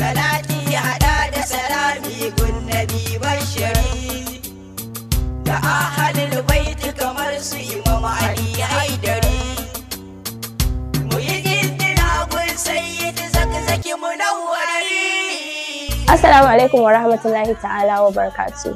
salati hada da salami gun nabi bashiri da ahalul baiti kamar su imam ali haidari mu yi izina gun sayyid zakzaki munawwari assalamu alaikum wa rahmatullahi ta'ala wa barakatuh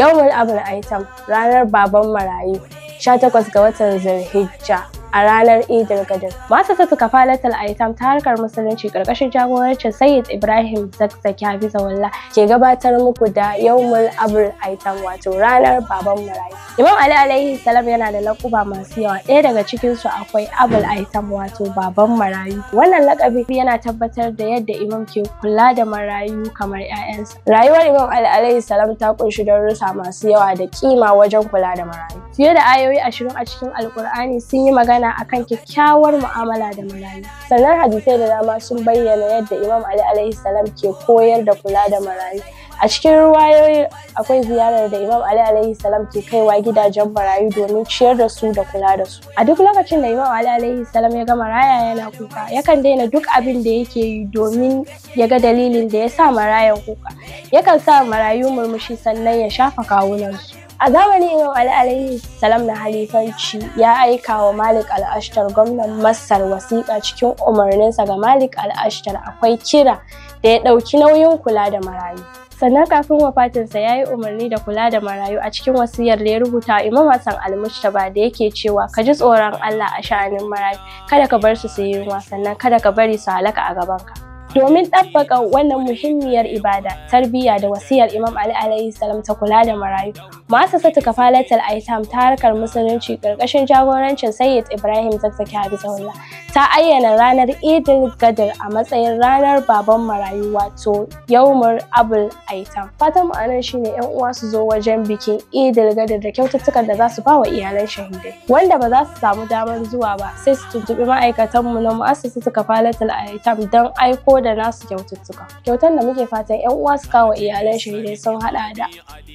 yawmul abul aitam ranar baban marayu 18 ga watan zulhijja a ranar Idil Gadir. Masu sassa kafalatar aitam ta harkar musulunci karkashin jagorancin Sayyid Ibrahim zakzakiya bisa Walla ke gabatar muku da Yawmul Abul Aitam wato ranar baban marayu. Imam Ali alaihi salam yana da laƙuba masu yawa ɗaya daga cikin su akwai Abul Aitam wato baban marayu. Wannan lakabi yana tabbatar da yadda Imam ke kula da marayu kamar 'ya'yansa. Rayuwar Imam Ali alaihi salam ta ƙunshi darussa masu yawa da kima wajen kula da marayu. fiye da ayoyi ashirin a cikin alkur'ani sun yi magana a kan kyakkyawar mu'amala da marayu sannan hadisai da dama sun bayyana yadda imam ali alaihi salam ke koyar da kula da marayu a cikin ruwayoyi akwai ziyarar da imam ali alaihi salam ke kaiwa gidajen marayu domin ciyar da su da kula da su a duk lokacin da imam ali alaihi salam ya ga maraya yana kuka yakan daina duk abin da yake yi domin ya ga dalilin da ya sa marayan kuka yakan sa marayu murmushi sannan ya shafa kawunansu a zamanin yau, ali alaihi salam na halifanci ya aika wa malik al'ashtar gwamnan masar wasiƙa cikin umarninsa ga malik al'ashtar akwai kira da ya ɗauki nauyin kula da marayu sannan kafin wafatinsa ya yi umarni da kula da marayu a cikin wasiyar da ya rubuta imam hassan almustaba da yake cewa ka ji tsoron allah a sha'anin marayu kada ka bar su su yi sannan kada ka bari su halaka a gabanka Domin ɗabbaƙa wannan muhimmiyar ibada, tarbiyya da wasiyar Imam Ali alayhi salam ta kula da marayu, masu mu'assasatu kafalatul aitam ta harkar musulunci ƙarƙashin jagorancin Sayyid Ibrahim Zakzaki Habibullah ta ayyana ranar Idil gadir a matsayin ranar baban marayu wato Yaumur Abul Aitam. Fatan ma'anar shine yan uwa su zo wajen bikin Idil gadir da kyaututtukan da za su bawa iyalan shahidai. Wanda ba za su samu damar zuwa ba sai su tuntuɓi ma'aikatan mu na mu'assasa suka falatal Aitam don aiko da nasu kyaututtuka. Kyautan da muke fatan yan uwa su kawo iyalan shahidai sun haɗa da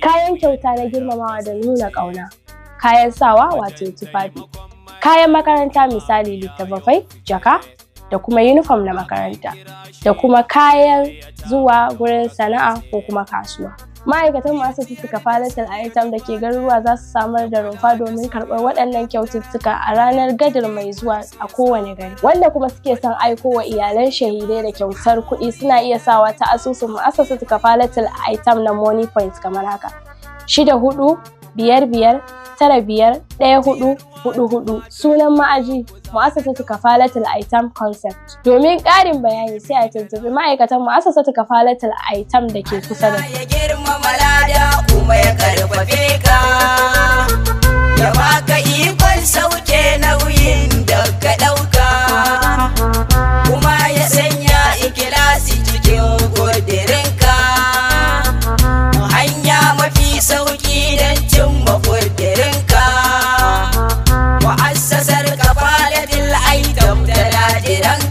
kayan kyauta na girmamawa da nuna ƙauna. Kayan sawa wato tufafi. kayan makaranta misali littattafai jaka da kuma uniform na makaranta da kuma kayan zuwa gurin sana'a ko kuma kasuwa ma'aikatan masu tuttuka a item da ke garuruwa za su samar da rumfa domin karɓar waɗannan kyaututtuka a ranar gadar mai zuwa a kowane gari wanda kuma suke son aiko wa iyalan shahidai da kyautar kuɗi suna iya sawa ta asusun ma'asasa tuka a item na money point kamar haka shida hudu biyar biyar tara biyar ɗaya hudu hudu hudu sunan ma'aji mu'assasatu kafalatul aitam concept domin ƙarin bayani sai a tuntuɓi ma'aikatan mu'assasatu kafalatul aitam da ke kusa da it out.